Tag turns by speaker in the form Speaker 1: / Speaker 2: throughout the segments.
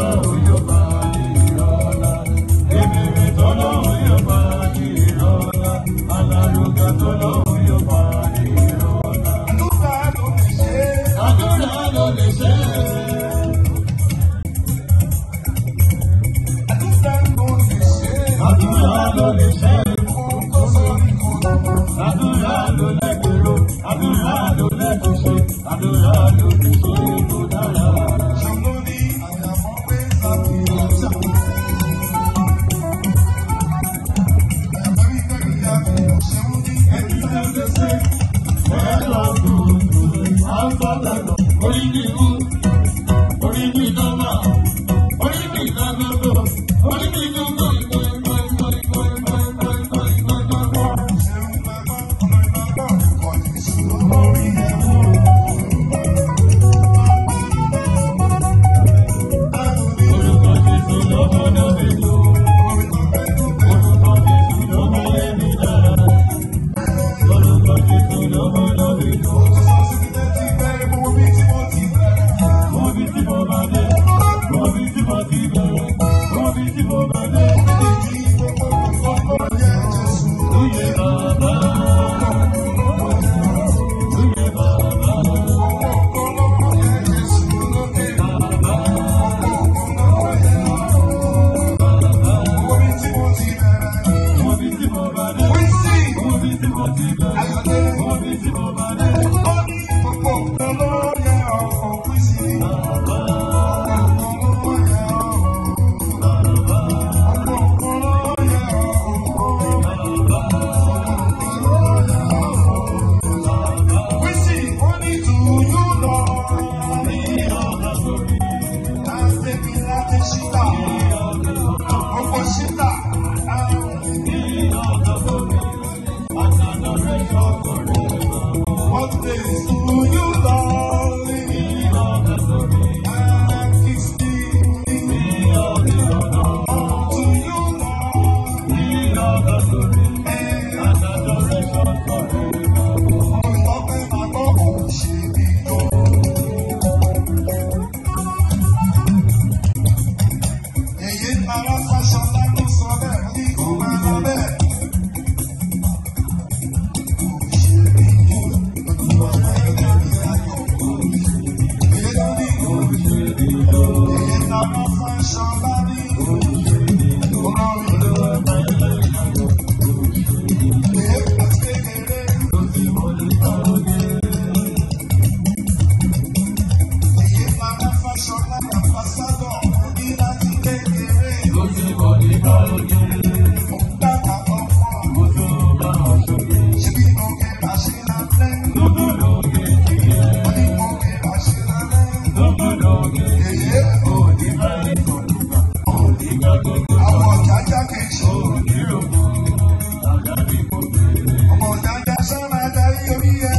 Speaker 1: oh, ọdún tí mo bá dé. One day. àwọn ọjà jáde ìṣòro nírò ọmọ dada sábà darí orí ẹ.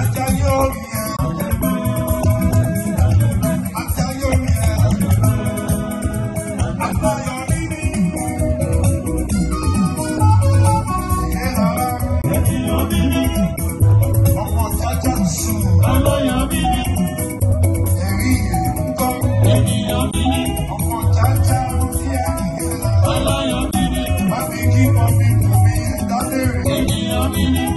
Speaker 1: Ajayọ orí ẹ. Ajayọ orí ẹ. Ajayọ. Ọmọ jájá sùn. Ọlọ́yọ̀ bíbí. Thunder.